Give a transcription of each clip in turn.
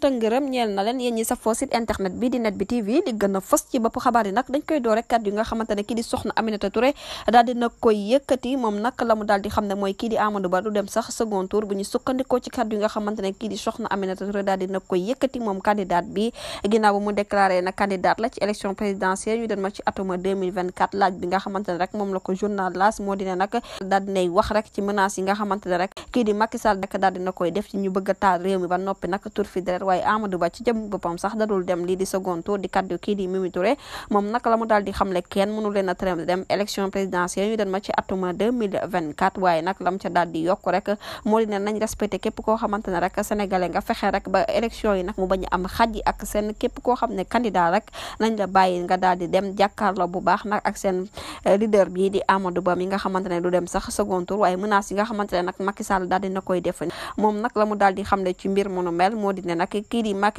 te ngërëm leen yéen safoo site internet bi di net bi tv di gën ci bopp xabaar yi dañ koy door rek kat nga xamante ne soxna Aminata Touré daal di koy yëkkati moom nag bi ginnaaw bu mu déclaré na candidat la ci élection présidentielle ñu den ma ci atuma laaj bi nga xamante rek moom la ko journal las moo di ne wax rek ci menace nga xamante rek kii di Macky Sall nag koy def ci ñu bëgg a réew mi ba noppi nag tur fi waaye Amadou Ba ci jëm boppam sax dadul di second tour di kaddu kii di Mimi Touré moom nag la daal di xamle kenn mënu leen a tere dem élection présidentielle ñu dem ma ci atuma 2024 waaye nag lam ca daal di yokk rek moo di ne nañ respecté képp rek sénégalais nga fexe rek ba élection yi nag mu bañ am xaj ak seen képp koo xam Sall daal dina koy def moom nag la mu daal di xamle ci mbir mu nu mel moo di ne nag kii di nga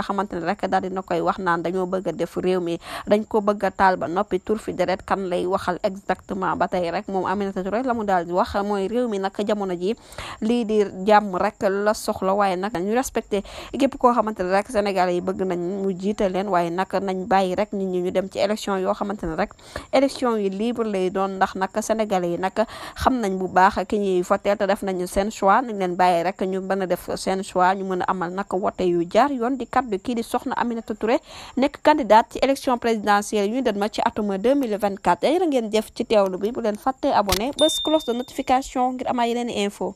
xamante rek daal koy wax naan dañoo bëgg a def réew dañ ko bëgg a taal noppi tur fi kan lay waxal exactement ba rek moom Aminata Touré la daal wax mooy réew mi nag jamono ji rek la soxla waaye nag ñu respecté képp koo xamante ne rek Sénégalais yi bëgg nañ mu jiite leen waaye nag nañ bàyyi rek nit ñi élection yoo libre lay doon ndax nag Sénégalais yi nag xam nañ bu baax ki ñuy leer te def nañu seen choix nañ leen bàyyi rek ñu def seen choix ñu mën amal nag wote yu jaar di kaddu kii di soxna Aminata Touré nekk candidate ci élection présidentielle yu ñu dem ma ci atum 2024 ngeen jëf ci teewlu bi bu leen fàtte abonné bés cloche de notification ngir amaat yeneen info